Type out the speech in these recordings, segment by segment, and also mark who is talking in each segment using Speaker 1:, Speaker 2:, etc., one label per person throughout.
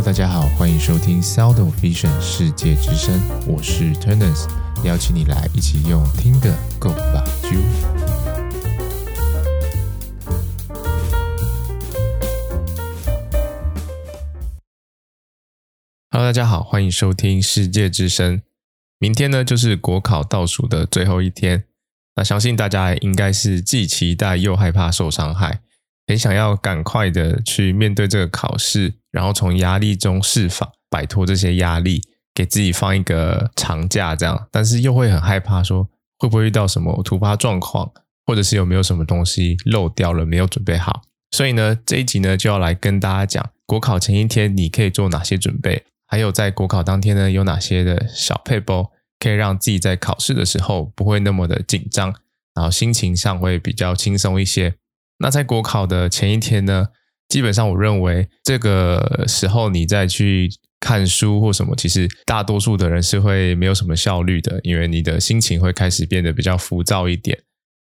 Speaker 1: Hello，大家好，歡迎收聽 Sound of Vision 世界之聲，我是 Turnus 邀請你來一起用聽的 Go 吧，就。Hello，大家好，歡迎收聽世界之聲。明天呢，就是國考倒數的最後一天，那相信大家應該是既期待又害怕受傷害。很、欸、想要趕快的去面對這個考試，然後從壓力中釋放、擺脫這些壓力，給自己放一個長假這樣。但是又會很害怕，說，會不會遇到什麼突發狀況，或者是有沒有什麼東西漏掉了沒有準備好。所以呢，這一集呢就要來跟大家講，國考前一天你可以做哪些準備，還有在國考當天呢有哪些的小撇步，可以讓自己在考試的時候不會那麼的緊張，然後心情上會比較輕鬆一些。那在國考的前一天呢，基本上我認為這個時候你再去看書或什麼，其實大多數的人是會沒有什麼效率的，因為你的心情會開始變得比較浮躁一點。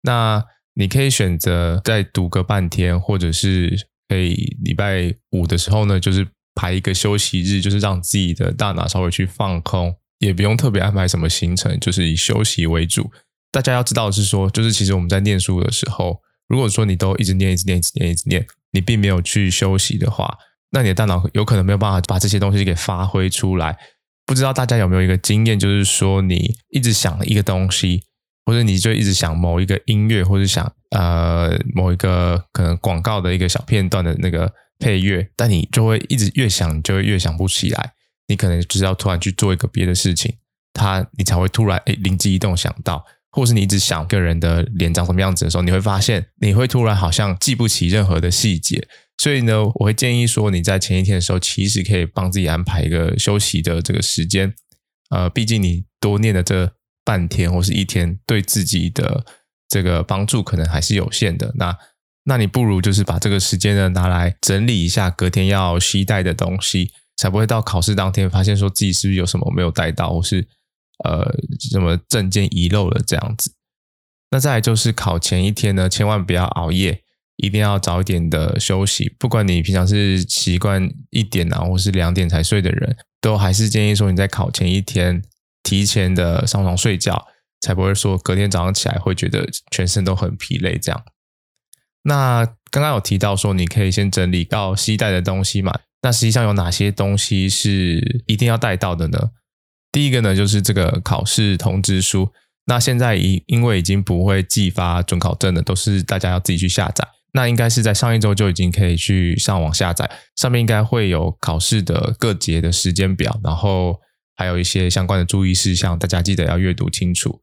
Speaker 1: 那你可以選擇再讀個半天，或者是可以禮拜五的時候呢，就是排一個休息日，就是讓自己的大腦稍微去放空，也不用特別安排什麼行程，就是以休息為主。大家要知道的是說，就是其實我們在念書的時候。如果說你都一直唸、一直唸、一直唸、一直唸，你並沒有去休息的話，那你的大腦有可能沒有辦法把這些東西給發揮出來。不知道大家有沒有一個經驗，就是說你一直想一個東西，或者你就一直想某一個音樂，或者想呃某一個可能廣告的一個小片段的那個配樂，但你就會一直越想，你就會越想不起來。你可能就是要突然去做一個別的事情，它你才會突然哎、欸、靈機一動想到。或是你一直想個人的臉長什麼樣子的時候，你會發現你會突然好像記不起任何的細節。所以呢，我會建議說，你在前一天的時候，其實可以幫自己安排一個休息的這個時間。呃，畢竟你多念了這半天或是一天，對自己的這個幫助可能還是有限的。那，那你不如就是把這個時間呢拿來整理一下，隔天要攜帶的東西，才不會到考試當天發現說自己是不是有什麼沒有帶到，或是呃，什麼證件遺漏了這樣子，那再來就是考前一天呢，千萬不要熬夜，一定要早一點的休息。不管你平常是習慣一點啊，或是兩點才睡的人，都還是建議說你在考前一天提前的上床睡覺，才不會說隔天早上起來會覺得全身都很疲累這樣。那剛剛有提到說你可以先整理要攜帶的東西嘛，那實際上有哪些東西是一定要帶到的呢？第一個呢，就是這個考試通知書。那現在已因為已經不會寄發准考證了，都是大家要自己去下載。那應該是在上一周就已經可以去上網下載，上面應該會有考試的各節的時間表，然後還有一些相關的注意事項，大家記得要閱讀清楚。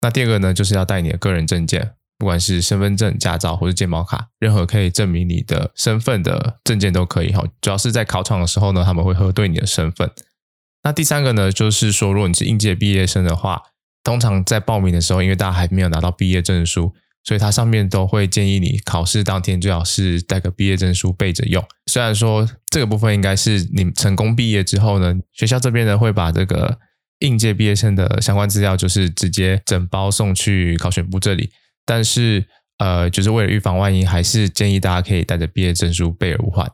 Speaker 1: 那第二個呢，就是要帶你的個人證件，不管是身份證、駕照或是健保卡，任何可以證明你的身份的證件都可以。哈，主要是在考場的時候呢，他們會核對你的身份。那第三個呢，就是說，如果你是應屆畢業生的話，通常在報名的時候，因為大家還沒有拿到畢業證書，所以它上面都會建議你考試當天最好是帶個畢業證書備着用。雖然說這個部分應該是你成功畢業之後呢，學校這邊呢會把這個應屆畢業生的相關資料，就是直接整包送去考選部這裡，但是呃，就是為了預防萬一，還是建議大家可以帶着畢業證書備而無患。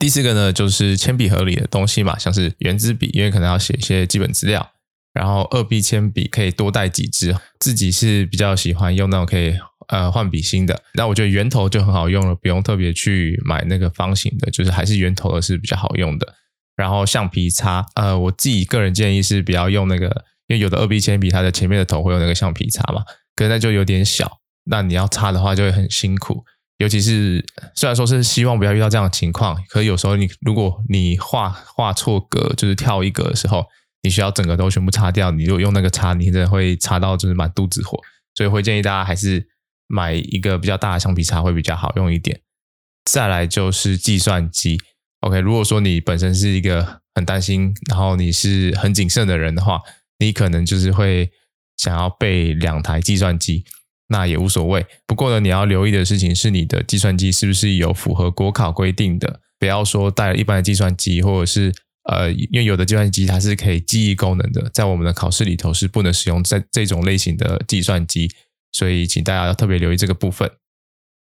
Speaker 1: 第四個呢，就是鉛筆盒裡的東西嘛，像是原子筆，因為可能要寫一些基本資料，然後二 B 鉛筆可以多帶幾支，自己是比較喜歡用那種可以呃換筆芯的。那我覺得圓頭就很好用了，不用特別去買那個方形的，就是還是圓頭的是比較好用的。然後橡皮擦，呃，我自己個人建議是不要用那個，因為有的二 B 鉛筆它的前面的頭會有那個橡皮擦嘛，可是那就有點小，那你要擦的話就會很辛苦。尤其是雖然說是希望不要遇到這樣的情況，可是有時候你如果你畫畫錯格，就是跳一格的時候，你需要整個都全部擦掉。你如果用那個擦，你真的會擦到就是滿肚子火，所以會建議大家還是買一個比較大的橡皮擦會比較好用一點。再來就是計算機，OK，如果說你本身是一個很擔心，然後你是很謹慎的人的話，你可能就是會想要備兩台計算機。那也無所謂。不過呢，你要留意的事情是你的計算機是不是有符合國考規定的。不要說帶了一般的計算機，或者是呃，因為有的計算機它是可以記憶功能的，在我們的考試裡頭是不能使用在這種類型的計算機。所以，請大家要特別留意這個部分。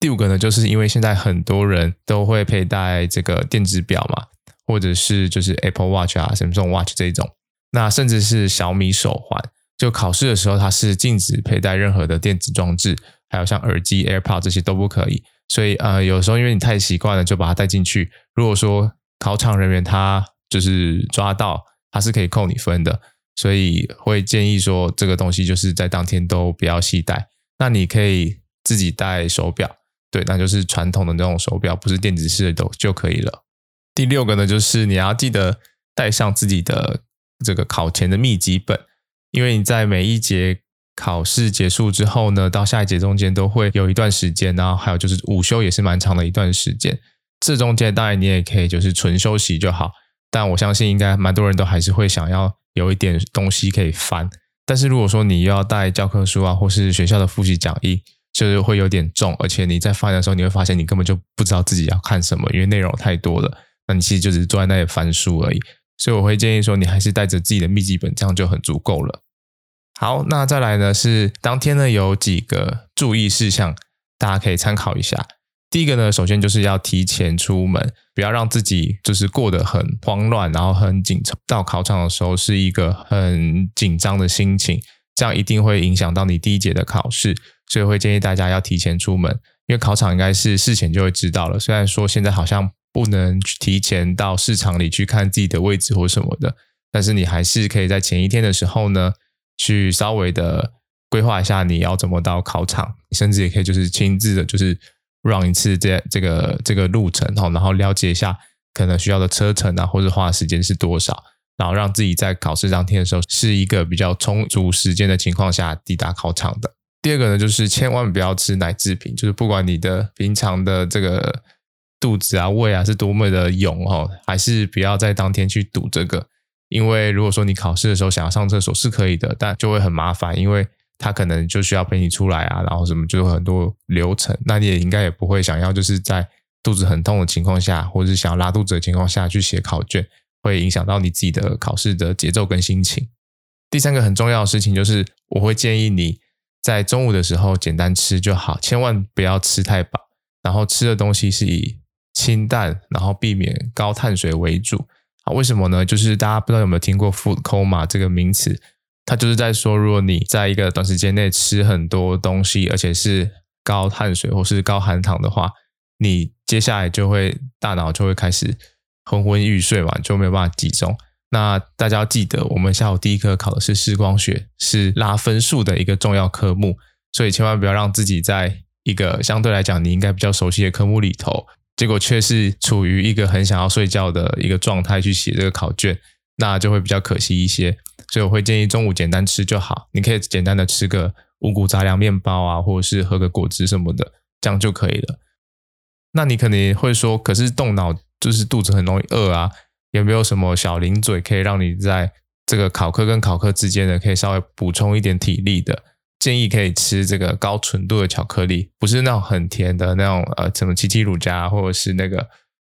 Speaker 1: 第五個呢，就是因為現在很多人都會佩戴這個電子錶嘛，或者是就是 Apple Watch 啊、Samsung Watch 這種，那甚至是小米手環。就考試的時候，它是禁止佩戴任何的電子裝置，還有像耳機、AirPod 這些都不可以。所以，呃，有時候因為你太習慣了，就把它帶進去。如果說考場人員他就是抓到，他是可以扣你分的。所以會建議說，這個東西就是在當天都不要攜帶。那你可以自己戴手表，對，那就是傳統的那種手表，不是電子式的都就可以了。第六個呢，就是你要記得帶上自己的這個考前的秘籍本。因為你在每一節考試結束之後呢，到下一節中間都會有一段時間，然後還有就是午休也是蠻長的一段時間。這中間當然你也可以就是純休息就好，但我相信應該蠻多人都還是會想要有一點東西可以翻。但是如果說你要帶教科書啊，或是學校的複習講義，就是會有點重，而且你在翻的時候你會發現你根本就不知道自己要看什麼，因為內容太多了，那你其實就只是坐在那裡翻書而已。所以我會建議說，你還是帶着自己的筆記本，這樣就很足夠了。好，那再來呢是當天呢有幾個注意事項，大家可以參考一下。第一個呢，首先就是要提前出門，不要讓自己就是過得很慌亂，然後很緊張。到考場的時候是一個很緊張的心情，這樣一定會影響到你第一節的考試。所以我會建議大家要提前出門，因為考場應該是事前就會知道了。雖然說現在好像。不能提前到試場裡去看自己的位置或什麼的，但是你還是可以在前一天的時候呢，去稍微的規劃一下你要怎麼到考場，甚至也可以就是親自的，就是 run 一次這個、這個這個路程哦，然後了解一下可能需要的車程啊，或者花的時間是多少，然後讓自己在考試當天的時候是一個比較充足時間的情況下抵達考場的。第二個呢，就是千萬不要吃奶制品，就是不管你的平常的這個。肚子啊，胃啊，是多麼的勇哦，還是不要在當天去賭這個，因為如果說你考試的時候想要上廁所是可以的，但就會很麻煩，因為他可能就需要陪你出來啊，然後什麼就有很多流程，那你也應該也不會想要就是在肚子很痛的情況下，或者是想要拉肚子的情況下去寫考卷，會影響到你自己的考試的節奏跟心情。第三個很重要的事情就是，我會建議你在中午的時候簡單吃就好，千萬不要吃太飽，然後吃的東西是以清淡，然後避免高碳水為主啊。為什麼呢？就是大家不知道有沒有聽過 “food coma” 這個名詞，它就是在說，如果你在一個短時間內吃很多東西，而且是高碳水或是高含糖的話，你接下來就會大腦就會開始昏昏欲睡嘛，完就沒有辦法集中。那大家要記得，我們下午第一科考的是視光學，是拉分數的一個重要科目，所以千萬不要讓自己在一個相對來講你應該比較熟悉的科目裡頭。結果卻是處於一個很想要睡覺的一個狀態去寫這個考卷，那就會比較可惜一些。所以我會建議中午簡單吃就好，你可以簡單的吃個五穀雜糧麵包啊，或者是喝個果汁什麼的，這樣就可以了。那你可能會說，可是動腦就是肚子很容易餓啊，有沒有什麼小零嘴，可以讓你在這個考科跟考科之間呢，可以稍微補充一點體力的？建議可以吃這個高純度的巧克力，不是那種很甜的那種，呃，什麼七七乳加或者是那個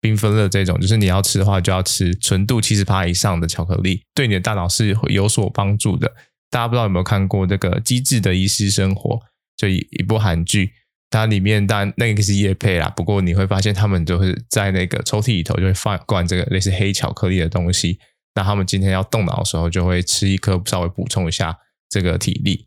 Speaker 1: 繽紛樂這種。就是你要吃的話，就要吃純度七十趴以上的巧克力，對你的大腦是有所幫助的。大家不知道有沒有看過那個《機智的醫師生活》，就一一部韓劇，它裡面當然那個是業配啦，不過你會發現他們都是在那個抽屜裡頭就會放灌這個類似黑巧克力的東西。那他們今天要動腦的時候，就會吃一顆，稍微補充一下這個體力。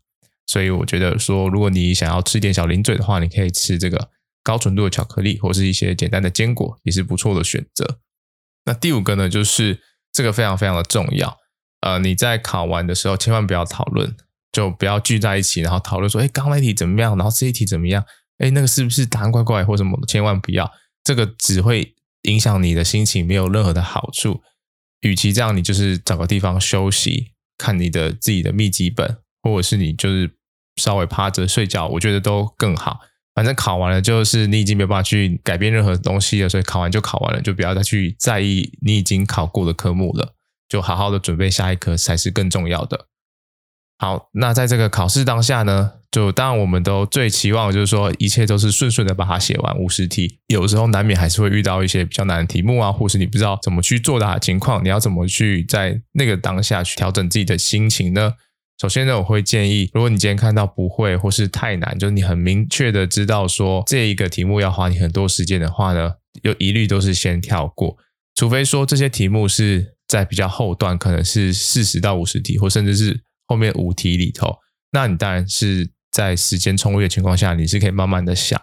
Speaker 1: 所以我覺得說，如果你想要吃點小零嘴的話，你可以吃這個高純度的巧克力，或是一些簡單的堅果，也是不錯的選擇。那第五個呢，就是這個非常非常的重要。呃，你在考完的時候，千萬不要討論，就不要聚在一起，然後討論說，哎，剛那題怎麼樣？然後這一題怎麼樣？哎，那個是不是答案怪怪或什麼？千萬不要，這個只會影響你的心情，沒有任何的好處。與其這樣，你就是找個地方休息，看你的自己的秘籍本，或者是你就是。稍微趴着睡覺，我覺得都更好。反正考完了，就是你已經沒有辦法去改變任何東西了，所以考完就考完了，就不要再去在意你已經考過的科目了，就好好的準備下一科才是更重要的。好，那在這個考試當下呢，就當然我們都最期望的就是說，一切都是順順的把它寫完五十題。有時候難免還是會遇到一些比較難的題目啊，或是你不知道怎麼去作答的、啊、情況，你要怎麼去在那個當下去調整自己的心情呢？首先呢，我會建議，如果你今天看到不會或是太難，就是你很明確的知道說這一個題目要花你很多時間的話呢，又一律都是先跳過，除非說這些題目是在比較後段，可能是四十到五十題，或甚至是後面五題裡頭，那你當然是在時間充裕的情況下，你是可以慢慢的想。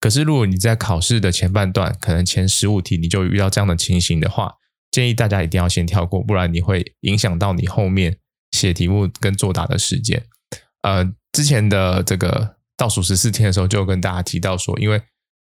Speaker 1: 可是如果你在考試的前半段，可能前十五題你就遇到這樣的情形的話，建議大家一定要先跳過，不然你會影響到你後面。寫題目跟作答的時間，呃，之前的這個倒數十四天的時候，就有跟大家提到說，因為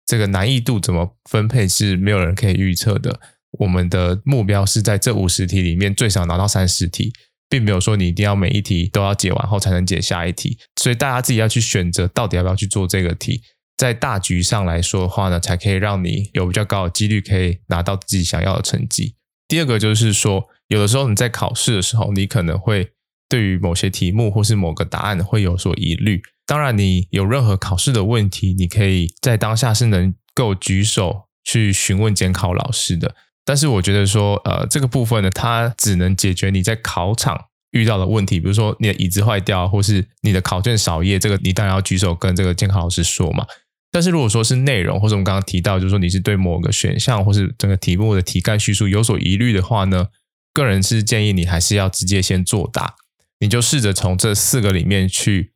Speaker 1: 這個難易度怎麼分配是沒有人可以預測的。我們的目標是在這五十題裡面最少拿到三十題，並沒有說你一定要每一題都要解完後才能解下一題。所以大家自己要去選擇到底要不要去做這個題。在大局上來說的話呢，才可以讓你有比較高的幾率可以拿到自己想要的成績。第二個就是說，有的時候你在考試的時候，你可能會對於某些題目或是某個答案會有所疑慮，當然，你有任何考試的問題，你可以在當下是能夠舉手去詢問監考老師的。但是，我覺得說，呃，這個部分呢，它只能解決你在考場遇到的問題，比如說你的椅子壞掉，或是你的考卷少頁，這個你當然要舉手跟這個監考老師說嘛。但是如果說是內容，或者我們剛剛提到，就是說你是對某個選項或是整個題目的題幹敘述有所疑慮的話呢，個人是建議你還是要直接先作答。你就試着從這四個裡面去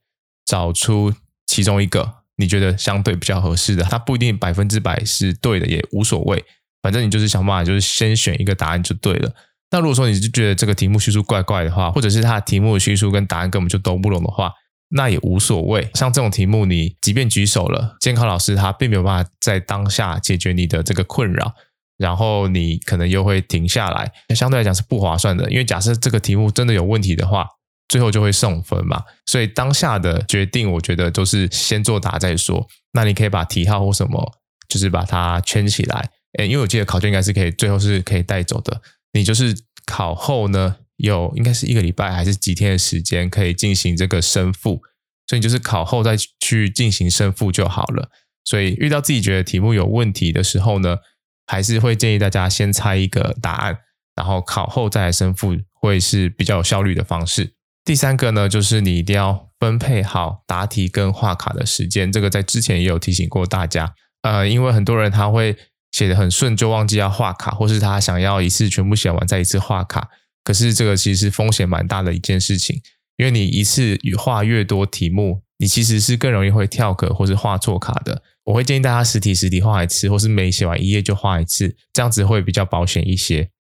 Speaker 1: 找出其中一個你覺得相對比較合適的，它不一定百分之百是對的，也無所謂，反正你就是想辦法，就是先選一個答案就對了。那如果說你是覺得這個題目敘述怪怪的話，或者是它題目的敘述跟答案根本就都不攏的話，那也無所謂。像這種題目，你即便舉手了，監考老師他並沒有辦法在當下解決你的這個困擾，然後你可能又會停下來，相對來講是不划算的。因為假設這個題目真的有問題的話。最後就會送分嘛，所以當下的決定，我覺得都是先作答再說。那你可以把題號或什麼，就是把它圈起來。誒，因為我記得考卷應該是可以最後是可以帶走的。你就是考後呢，有應該是一個禮拜還是幾天的時間可以進行這個申復，所以你就是考後再去進行申復就好了。所以遇到自己覺得題目有問題的時候呢，還是會建議大家先猜一個答案，然後考後再來申復，會是比較有效率的方式。第三個呢，就是你一定要分配好答題跟畫卡的時間。這個在之前也有提醒過大家，呃，因為很多人他會寫得很順，就忘記要畫卡，或是他想要一次全部寫完再一次畫卡。可是這個其實風險蠻大的一件事情，因為你一次畫越多題目，你其實是更容易會跳格或是畫錯卡的。我會建議大家十題十題畫一次，或是每寫完一頁就畫一次，這樣子會比較保險一些。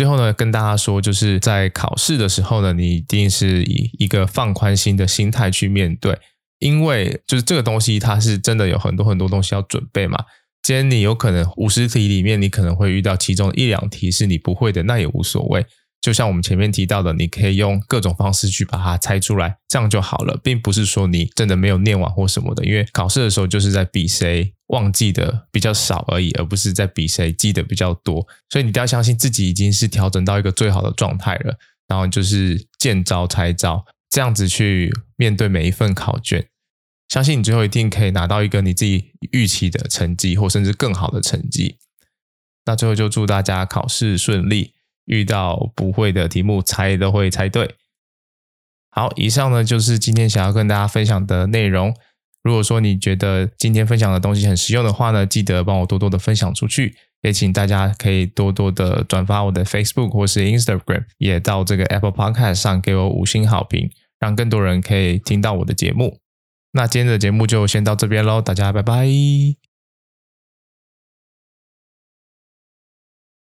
Speaker 1: 最後呢，跟大家說，就是在考試的時候呢，你一定是以一個放寬心的心態去面對，因為就是這個東西它是真的有很多很多東西要準備嘛。既然你有可能五十題裡面，你可能會遇到其中一兩題是你不會的，那也無所謂。就像我們前面提到的，你可以用各種方式去把它猜出來，這樣就好了，並不是說你真的沒有念完或什麼的。因為考試的時候就是在比誰忘記的比較少而已，而不是在比誰記得比較多。所以你都要相信自己已經是調整到一個最好的狀態了，然後就是見招拆招，這樣子去面對每一份考卷。相信你最後一定可以拿到一個你自己預期的成績，或甚至更好的成績。那最後就祝大家考試順利。遇到不會的題目，猜都會猜對。好，以上呢就是今天想要跟大家分享的內容。如果說你覺得今天分享的東西很實用的話呢，記得幫我多多的分享出去。也請大家可以多多的轉發我的 Facebook 或是 Instagram，也到這個 Apple Podcast 上給我五星好評，讓更多人可以聽到我的節目。那今天的節目就先到這邊嘍，大家拜拜。